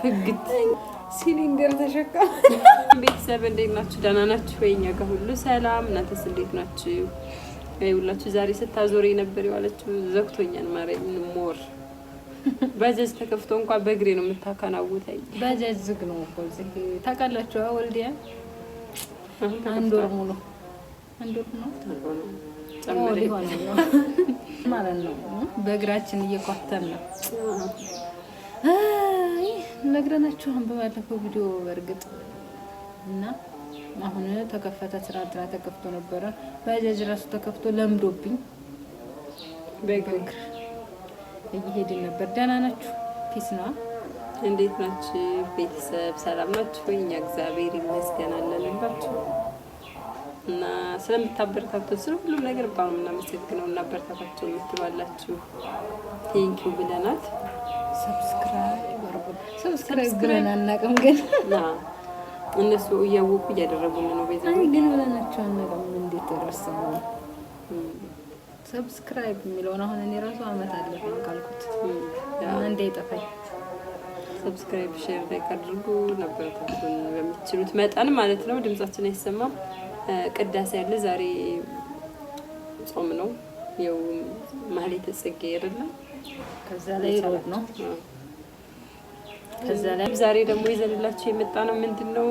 ፍግት ሲሊንደር ተሸከመ። ቤተሰብ እንዴት ናችሁ? ደህና ናችሁ ወይ? እኛ ጋር ሁሉ ሰላም። እናንተስ እንዴት ናችሁ? ሁላችሁ ዛሬ ስታዞር የነበር የዋለችው ዘግቶኛል። ማርያም ሞር በጀዝ ተከፍቶ እንኳን በእግሬ ነው የምታከናውተኝ። በጀዝ ዝግ ነው እኮ እዚህ ታውቃላችሁ። ወልዲያ አንድ ወር ሙሉ አንድ ወር ነው ጨምሬ ማለት ነው። በእግራችን እየኳተን ነው ነግረናችኋን በባለፈው ቪዲዮ በእርግጥ እና አሁን ተከፈተ። ትናንትና ተከፍቶ ነበረ። ባጃጅ ራሱ ተከፍቶ ለምዶብኝ በእግር እየሄድን ነበር። ደህና ናችሁ? ፒስ ነዋ። እንዴት ናችሁ ቤተሰብ? ሰላም ናችሁ? እኛ እግዚአብሔር ይመስገን አለንባችሁ እና ስለምታበረታቱ ስለ ሁሉም ነገር በጣም እናመሰግነው። እናበረታታችሁ የምትባላችሁ ቴንኪው ብለናት ሰብስክራይብ አናውቅም፣ ሰብስክራይብ ብለን አናውቅም። ግን እነሱ እያወቁ እያደረጉልን ነው። ቤዛ ግን ብለናቸው አናውቅም። እንዴት ተረሳ ሰብስክራይብ የሚለውን አሁን እኔ ራሱ አመት አለፈኝ ካልኩት እንዳይጠፋኝ ሰብስክራይብ ሼር ላይክ አድርጉ። ነበረታችሁን በምትችሉት መጠን ማለት ነው። ድምጻችን አይሰማም። ቅዳሴ ያለ ዛሬ ጾም ነው። ይኸው ማህሌተ ጽጌ አይደለም፣ ከዛ ላይ ነው። ከዛ ላይ ዛሬ ደግሞ ይዘንላችሁ የመጣ ነው ምንድን ነው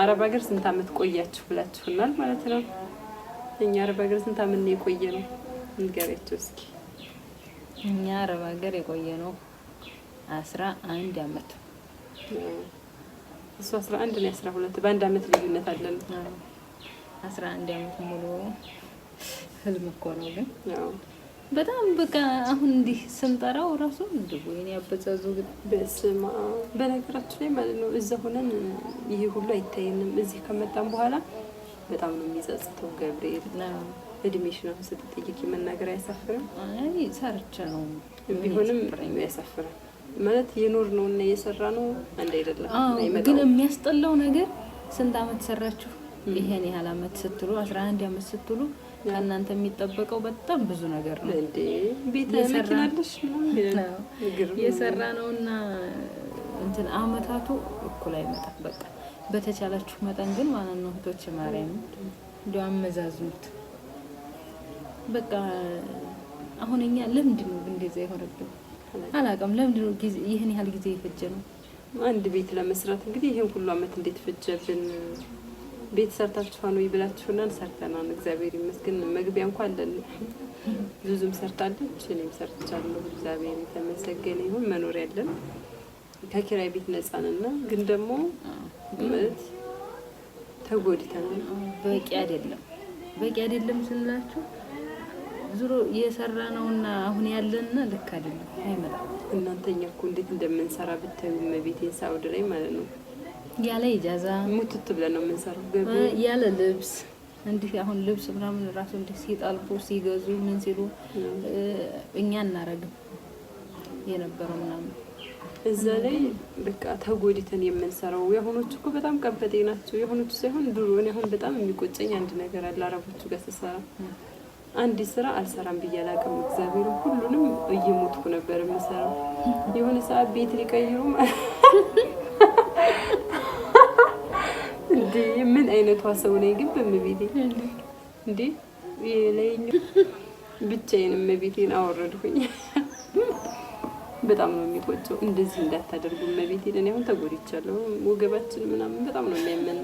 አረብ ሀገር ስንት አመት ቆያችሁ ብላችሁናል ማለት ነው። እኛ አረብ ሀገር ስንት አመት ነው የቆየ ነው ንገሪያቸው እስኪ። እኛ አረብ ሀገር የቆየ ነው አስራ አንድ አመት እሱ አስራ አንድ ነው አስራ ሁለት በአንድ አመት ልዩነት አለን። አስራ አንድ አመት ሙሉ ህልም እኮ ነው ግን በጣም በቃ አሁን እንዲህ ስንጠራው ራሱ ወይኔ አበዛዙ። በስማ በነገራችን ላይ ማለት ነው። እዛ ሆነን ይሄ ሁሉ አይታየንም። እዚህ ከመጣን በኋላ በጣም ነው የሚጸጽተው ገብርኤል። እድሜሽ ነው ስትጠይቂ መናገር አያሳፍርም? አይ ሰርቼ ነው ቢሆንም አያሳፍርም ማለት የኖር ነው እና የሰራ ነው አንድ አይደለም። ግን የሚያስጠላው ነገር ስንት አመት ሰራችሁ? ይሄን ያህል አመት ስትሉ አስራ አንድ አመት ስትሉ ከእናንተ የሚጠበቀው በጣም ብዙ ነገር ነው። ቤት ያለኪናለሽ የሰራ ነው እና እንትን አመታቱ እኩል አይመጣም። በቃ በተቻላችሁ መጠን ግን ማለት ነው እህቶች ማርያም እንዲ አመዛዝኑት። በቃ አሁን እኛ ለምንድን ነው እንደዛ የሆነብን አላውቅም። ለምንድን ነው ይህን ያህል ጊዜ የፈጀ ነው አንድ ቤት ለመስራት? እንግዲህ ይህን ሁሉ አመት እንዴት ፈጀብን? ቤት ሰርታችኋን ወይ ብላችሁናን ሰርተናን፣ እግዚአብሔር ይመስገን። መግቢያ እንኳን አለን። ብዙም ሰርታለች፣ እኔም ሰርቻለሁ። እግዚአብሔር የተመሰገነ ይሁን። መኖር ያለን ከኪራይ ቤት ነፃንና ግን ደግሞ ምት ተጎድተናል። በቂ አይደለም፣ በቂ አይደለም ስንላችሁ ዙሮ እየሰራ ነው እና አሁን ያለንና ልክ አይደለም አይመጣም። እናንተኛ እኮ እንዴት እንደምንሰራ ብታዩ መቤቴን ሳውድ ላይ ማለት ነው ያለ ኢጃዛ ሙትት ብለን ነው የምንሰራው። ያለ ልብስ እንዲህ አሁን ልብስ ምናምን ራሱ እንዲህ ሲጠልቡ ሲገዙ ምን ሲሉ እኛ እናረግም የነበረው ምናምን እዛ ላይ በቃ ተጎድተን የምንሰራው። የአሁኖቹ እኮ በጣም ቀበጤ ናቸው። የአሁኖቹ ሳይሆን ድሮ እኔ አሁን በጣም የሚቆጨኝ አንድ ነገር አለ። አረቦቹ ጋር ስሰራ አንድ ስራ አልሰራም ብዬ አላውቅም። እግዚአብሔር ሁሉንም እየሞትኩ ነበር የምሰራው። የሆነ ሰዓት ቤት ሊቀይሩ አይነቷ ሰው ነኝ ግን በእመቤቴ እንዴ የላይኛው ብቻዬን እመቤቴን አወረድኩኝ። በጣም ነው የሚቆጨው። እንደዚህ እንዳታደርጉ እመቤቴን። እኔ አሁን ተጎድቻለሁ። ወገባችን ምናምን በጣም ነው የሚያምን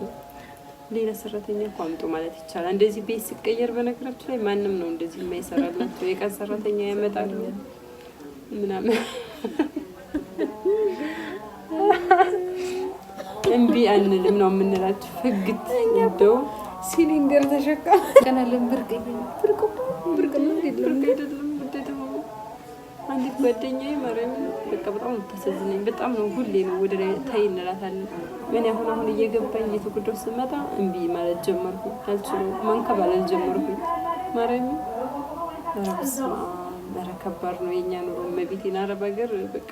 ሌላ ሰራተኛ እኮ አምጡ ማለት ይቻላል። እንደዚህ ቤት ሲቀየር በነገራችሁ ላይ ማንም ነው እንደዚህ የማይሰራላቸው። የቀን ሰራተኛ ያመጣሉ ምናምን እምቢ አንልም ነው የምንላቸው። ፍግት እንደው ሲሊንደር ተሸካሚ ቀናለን። ብርቅ ብርቅ ብርቅ ብርቅ አይደለም። አንዲት ጓደኛዬ ማርያምን በቃ በጣም ታሳዝነኝ። በጣም ነው ሁሌ ነው ወደ ላይ ታይ እንላታለን። እኔ አሁን አሁን እየገባኝ እየተጎዳሁ ስመጣ እምቢ ማለት ጀመርኩ። አልችለው ጀመርኩ። ማርያምን ኧረ ከባድ ነው የእኛ ኑሮ። አረብ ሀገር በቃ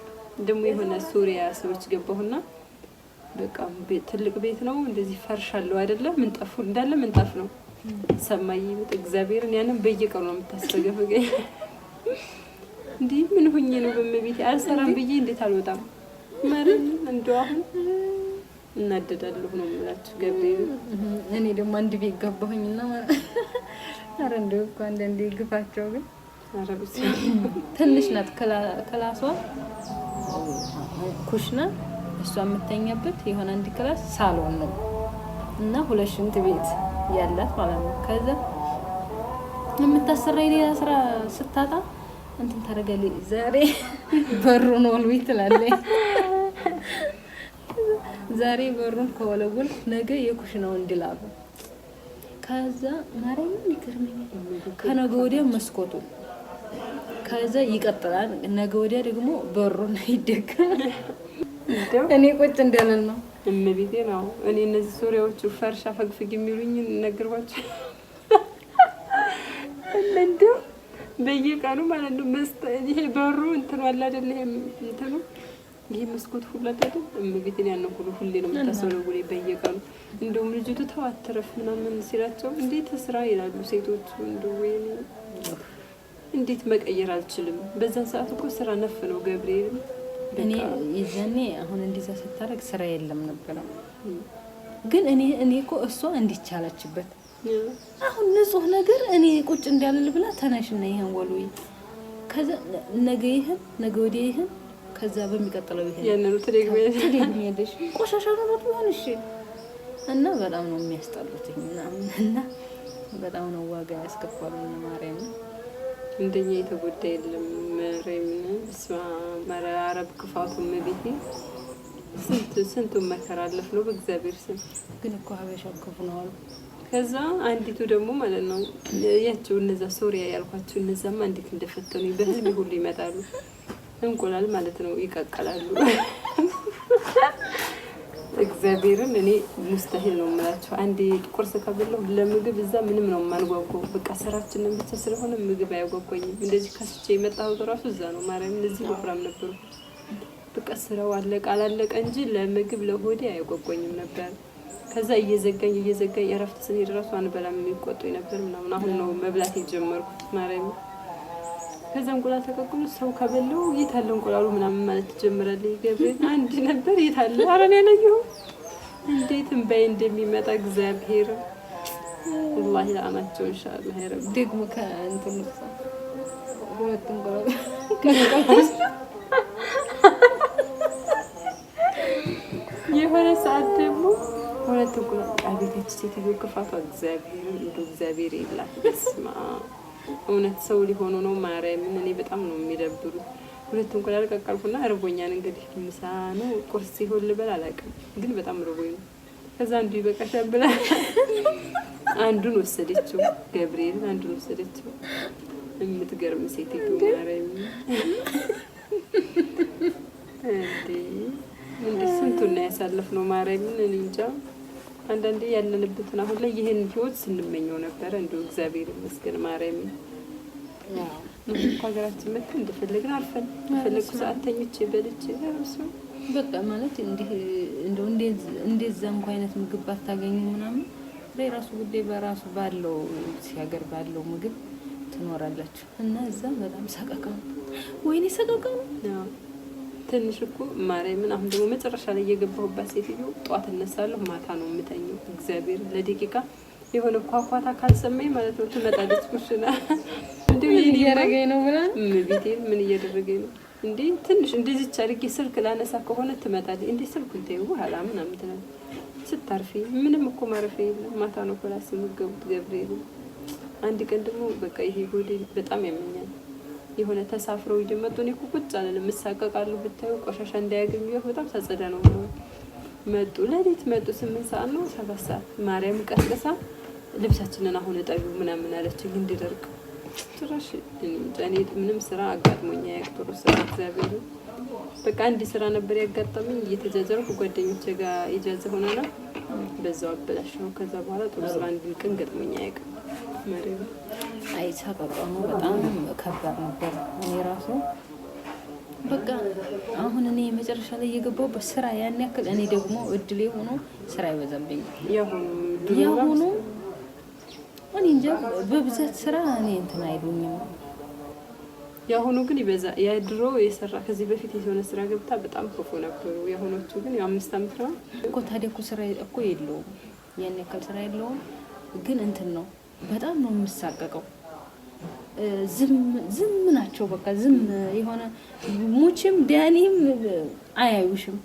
ደግሞ የሆነ ሱሪያ ሰዎች ገባሁና በቃ ትልቅ ቤት ነው። እንደዚህ ፈርሽ አለው አይደለም፣ ምንጠፉ እንዳለ ምንጣፍ ነው። ሰማይ እግዚአብሔርን ያንን በየቀኑ ነው የምታስረገፈገኝ። እንዲህ ምን ሁኜ ነው በመቤት አልሰራም ብዬ እንዴት አልወጣም መርን እንደው አሁን እናደዳለሁ ነው የምላችሁ። ገብርኤል እኔ ደግሞ አንድ ቤት ገባሁኝ እና ኧረ እንደው እኮ አንዳንዴ ግፋቸው ግን ትንሽ ናት ክላሷ ኩሽና እሷ የምተኛበት የሆነ አንድ ክላስ ሳሎን ነው እና ሁለት ሽንት ቤት ያላት ማለት ነው። ከዛ የምታሰራ የሌላ ስራ ስታጣ እንትን ታደርጋለች። ዛሬ በሩን ወልዊ ትላለች። ዛሬ በሩን ከወለወል ነገ የኩሽናው እንድላሉ። ከዛ ማርያምን ይገርመኛል። ከነገ ወዲያ መስኮቱ ከዛ ይቀጥላል። ነገ ወዲያ ደግሞ በሩን ይደገማል። እኔ ቁጭ እንደለን ነው እመቤቴ ነው። እኔ እነዚህ ሱሪያዎቹ ፈርሻ ፈግፍግ የሚሉኝ ነገርኳቸው። እንደው በየቀኑ ማለት ነው መስጠ ይሄ በሩ እንትኑ አለ አይደል? ይሄ እንትኑ ይሄ መስኮት ሁሉ አይደል? እመቤቴን ያን ሁሉ ሁሌ ነው የምታሰለው ጉሌ በየቀኑ እንደውም ልጅቱ ተዋትረፍ ምናምን ሲላቸው እንዴት ስራ ይላሉ ሴቶቹ። እንደው ወይ እንዴት መቀየር አልችልም። በዛን ሰዓት እኮ ስራ ነፍ ነው ገብርኤል እኔ የዛኔ አሁን እንዲዛ ስታደርግ ስራ የለም ነበረው። ግን እኔ እኔ እኮ እሷ እንዲቻላችበት አሁን ንጹህ ነገር እኔ ቁጭ እንዳልል ብላ ተነሽና ይሄን ወሉይ ከዛ ነገ ይሄን ነገ ወዲያ ከዛ በሚቀጥለው ያንኑ ትደግሚያለሽ። ቆሻሻ ነው ቢሆን እሺ። እና በጣም ነው የሚያስጠሉትኝ እና በጣም ነው ዋጋ ማርያም እንደኛ የተጎዳ የለም። መሬምን ስማረ አረብ ክፋቱ መቤቴ ስንቱ ስንቱን መከራ ነው በእግዚአብሔር ስም። ግን እኮ ሀበሻ ክፉ ነው አሉ። ከዛ አንዲቱ ደግሞ ማለት ነው ያቸው እነዛ ሶሪያ ያልኳቸው እነዛማ እንዴት እንደፈተኑ በህልሜ ሁሉ ይመጣሉ። እንቁላል ማለት ነው ይቀቀላሉ። እግዚአብሔርን እኔ ሙስተሂል ነው የምላቸው። አንዴ ቁርስ ከበላሁ ለምግብ እዛ ምንም ነው የማንጓጓው። በቃ ስራችንን ብቻ ስለሆነ ምግብ አያጓጓኝም። እንደዚህ ከስቼ የመጣሁት እራሱ እዛ ነው። ማርያም እዚህ ወፍራም ነበሩ። በቃ ስራው አለቀ አላለቀ እንጂ ለምግብ ለሆዴ አያጓጓኝም ነበር። ከዛ እየዘጋኝ እየዘጋኝ እረፍት ስንሄድ እራሱ አንበላም የሚቆጡኝ ነበር ምናምን። አሁን ነው መብላት የጀመርኩት ማርያም ከዛ እንቁላል ተቀቅሎ ሰው ከበላው የት አለ እንቁላሉ ምናምን ማለት ትጀምራለች። ገብሬን አንድ ነበር የት አለ ኧረ እኔ እንዴትም በይ እንደሚመጣ እግዚአብሔር ወላሂ ለአማቸው ኢንሻላህ ያረብ ደግሞ ከእንትን ሁለት እንቁላል የሆነ ሰዓት ደግሞ ሁለት እንቁላል አቤታችን ሴትዮ ክፋቷ እግዚአብሔር እንደው እግዚአብሔር የላት በስመ አብ እውነት ሰው ሊሆኑ ነው። ማርያምን እኔ በጣም ነው የሚደብሩ። ሁለቱ እንቁላል ቀቀልኩና እርቦኛን እንግዲህ ምሳ ነው ቁርስ ሲሆን ልበል አላውቅም፣ ግን በጣም እርቦኝ ነው። ከዛ አንዱ ይበቃሻል ብላ አንዱን ወሰደችው፣ ገብርኤል አንዱን ወሰደችው። የምትገርም ሴት ማርያምን እንዴ! ስንቱን ያሳለፍ ነው ማርያምን እኔ እንጃ። አንዳንዴ ያለንበትን አሁን ላይ ይህን ህይወት ስንመኘው ነበረ። እንዲሁ እግዚአብሔር ይመስገን ማርያም ሀገራችን መ እንደፈለግን አልፈን ፈለጉ ሰዓት ተኝቼ በልቼ በቃ ማለት እንዲህ እንደው እንደዛ እንኳ አይነት ምግብ ባታገኙ ምናምን የራሱ ጉዳይ በራሱ ባለው ሲያገር ባለው ምግብ ትኖራላችሁ እና እዛም በጣም ሰቀቀ ወይኔ ሰቀቀ ነው። ትንሽ እኮ ማርያምን አሁን ደግሞ መጨረሻ ላይ የገባሁባት ሴትዮ ጠዋት እነሳለሁ ማታ ነው የምተኘው። እግዚአብሔር ለደቂቃ የሆነ ኳኳታ ካልሰማኝ ማለት ነው ትመጣለች ኩሽና እንዲሁ እያደረገኝ ነው ብላ ቤቴ ምን እያደረገኝ ነው እንዴ ትንሽ እንደዚች አድርጌ ስልክ ላነሳ ከሆነ ትመጣለች። እንዴ ስልኩ እንታዩ በኋላ ምናምን ትላለች። ስታርፊ ምንም እኮ ማረፊያ የለም። ማታ ነው ኮላስ የምትገቡት ገብርኤል። አንድ ቀን ደግሞ በቃ ይሄ ጎዴ በጣም ያመኛል። የሆነ ተሳፍሮ እየመጡ እኔ እኮ ቁጭ አልልም እሳቀቃለሁ። ብታዩ ቆሻሻ እንዳያገኙ ያው በጣም ተጸደ ነው መጡ። ለሌት መጡ። ስምንት ሰዓት ነው ሰባት ሰዓት ማርያም ቀስቀሳ ልብሳችንን አሁን እጠቢው ምናምን አለችኝ እንድደርቅ። ጭራሽ እኔ ምንም ስራ አጋጥሞኛ ያቅጥሩ ስራ እግዚአብሔር በቃ አንድ ስራ ነበር ያጋጠመኝ። እየተጃጀርኩ ጓደኞቼ ጋር ኢጃዝ ሆነና በዛው አበላሽ ነው። ከዛ በኋላ ጥሩ ስራ አንድ ገጥሞኛ ያቅም አይሳ ቀቀሙ በጣም ከባድ ነበር። እኔ ራሱ በቃ አሁን እኔ የመጨረሻ ላይ እየገባው በስራ ያን ያክል እኔ ደግሞ እድሌ ሆኖ ስራ ይበዛብኝ ያሆኑ እኔ እንጃ በብዛት ስራ እኔ እንትን አይሉኝም። የአሁኑ ግን ይበዛ የድሮ የሰራ ከዚህ በፊት የሆነ ስራ ገብታ በጣም ክፉ ነበሩ። የአሁኖቹ ግን የአምስት አመት ነው እኮ ታዲያ እኮ ስራ እኮ የለውም ያን ያክል ስራ የለውም ግን እንትን ነው በጣም ነው የምሳቀቀው። ዝም ናቸው በቃ ዝም የሆነ ሙችም ዳኒም አያዩሽም።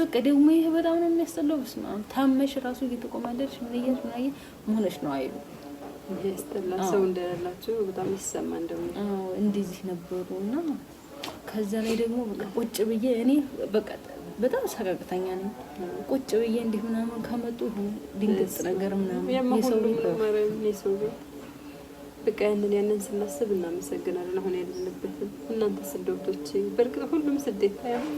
በቃ ደግሞ ይሄ በጣም ነው የሚያስጠላው። በስመ አብ ታመሽ ራሱ እየተቆማለች ምን እያልሽ ምን አየህ መሆነች ነው አይሉ ሰው እንደሌላቸው በጣም ይሰማ እንደሆነ እንደዚህ ነበሩ እና ከዛ ላይ ደግሞ በቃ ቁጭ ብዬ እኔ በቃ በጣም ሰቀቅተኛ ነኝ። ቁጭ ብዬ እንዲህ ምናምን ከመጡ ድንገት ነገር ምናምን የሰው በቃ ያንን ያንን ስናስብ እናመሰግናለን። አሁን ያለንበትን እናንተ ስደቶች በእርግጥ ሁሉም ስደት አይሆን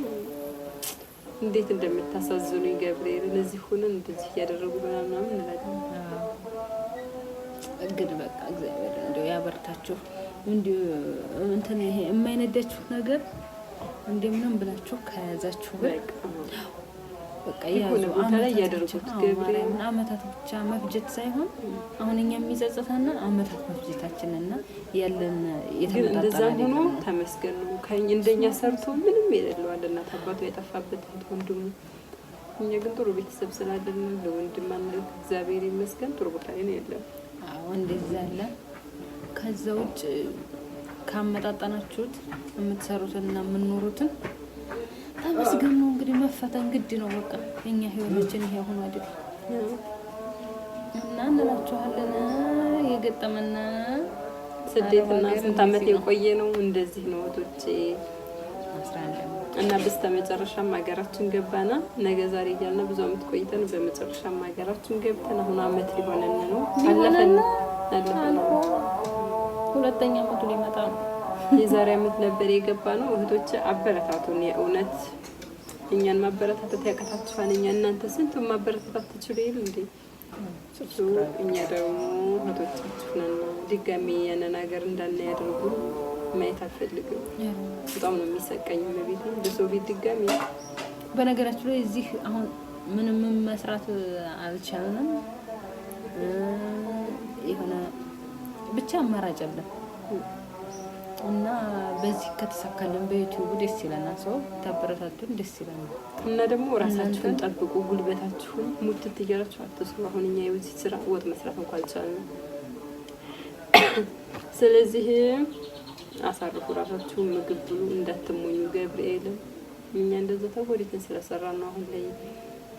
እንዴት እንደምታሳዝኑ ገብርኤል፣ እነዚህ ሁነን እንደዚህ እያደረጉ ምናምን እንላለን። እንግዲህ በቃ እግዚአብሔር እንዲ ያበርታችሁ እንዲ እንትን ይሄ የማይነዳችሁ ነገር እንደምንም ብላችሁ ከያዛችሁ በቃ ያዙ። አመታትን አመታት ብቻ መፍጀት ሳይሆን አሁን እኛ የሚጸጽተና አመታት መፍጀታችንና ያለን የተመጣጣ ሆኖ ተመስገን ነው። እንደኛ ሰርቶ ምንም የሌለው አለ እናት አባቱ የጠፋበት ወንድሙ። እኛ ግን ጥሩ ቤተሰብ ስላለን ለወንድም አንረት እግዚአብሔር ይመስገን ጥሩ ቦታ ላይ ነው ያለው። አዎ እንደዛ አለ። ከዛ ውጭ ካመጣጠናችሁት የምትሰሩትንና የምኖሩትን የምንኖሩትን ተመስገን ነው። እንግዲህ መፈተን ግድ ነው። በቃ የኛ ህይወታችን ይሄ ሆኖ አይደለም እና እንላችኋለን። የገጠመና ስደትና ስንት አመት የቆየ ነው እንደዚህ ነው ወቶቼ እና በስተ መጨረሻም ሀገራችን ገባና ነገ ዛሬ እያልን ብዙ አመት ቆይተን በመጨረሻም ሀገራችን ገብተን አሁን አመት ሊሆነን ነው አለፈን አለፈን ሁለተኛ አመቱ ሊመጣ ነው። የዛሬ አመት ነበር የገባ ነው። እህቶች አበረታቱን። የእውነት እኛን ማበረታታት ያቀታችኋል። እኛ እናንተ ስንቱ ማበረታታት ትችሉ ይል እንዴ እኛ ደግሞ እህቶቻችሁንና ድጋሚ ያንን ሀገር እንዳናያደርጉ ማየት አልፈልግም። በጣም ነው የሚሰቀኝ። ቤት በሰው ቤት ድጋሚ በነገራችሁ ላይ እዚህ አሁን ምንም መስራት አልቻልንም። ብቻ አማራጭ አለ እና በዚህ ከተሳካለን በዩቲዩቡ ደስ ይለናል። ሰው ታበረታቱን ደስ ይለናል። እና ደግሞ ራሳችሁን ጠብቁ፣ ጉልበታችሁን ሙትት እያላችሁ አትስሩ። አሁን እኛ የዚህ ስራ ወጥ መስራት እንኳ አልቻልንም። ስለዚህ አሳርፉ፣ ራሳችሁን ምግብ ብሉ፣ እንዳትሞኙ። ገብርኤልም እኛ እንደዛ ተጎድተን ስለሰራ ነው አሁን ላይ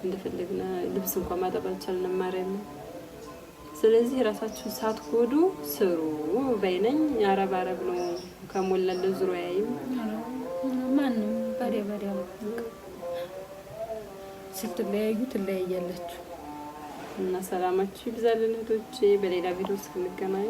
እንደፈለግን ልብስ እንኳ ማጠብ አልቻልንም። ማርያምን ስለዚህ ራሳችሁን ሳትጎዱ ስሩ በይነኝ። አረብ አረብ ነው ከሞላለ ያይም ማን ባዲያ ባዲያ ስትለያዩ ትለያያላችሁ እና ሰላማችሁ ይብዛልን እህቶቼ። በሌላ ቪዲዮ እስክንገናኝ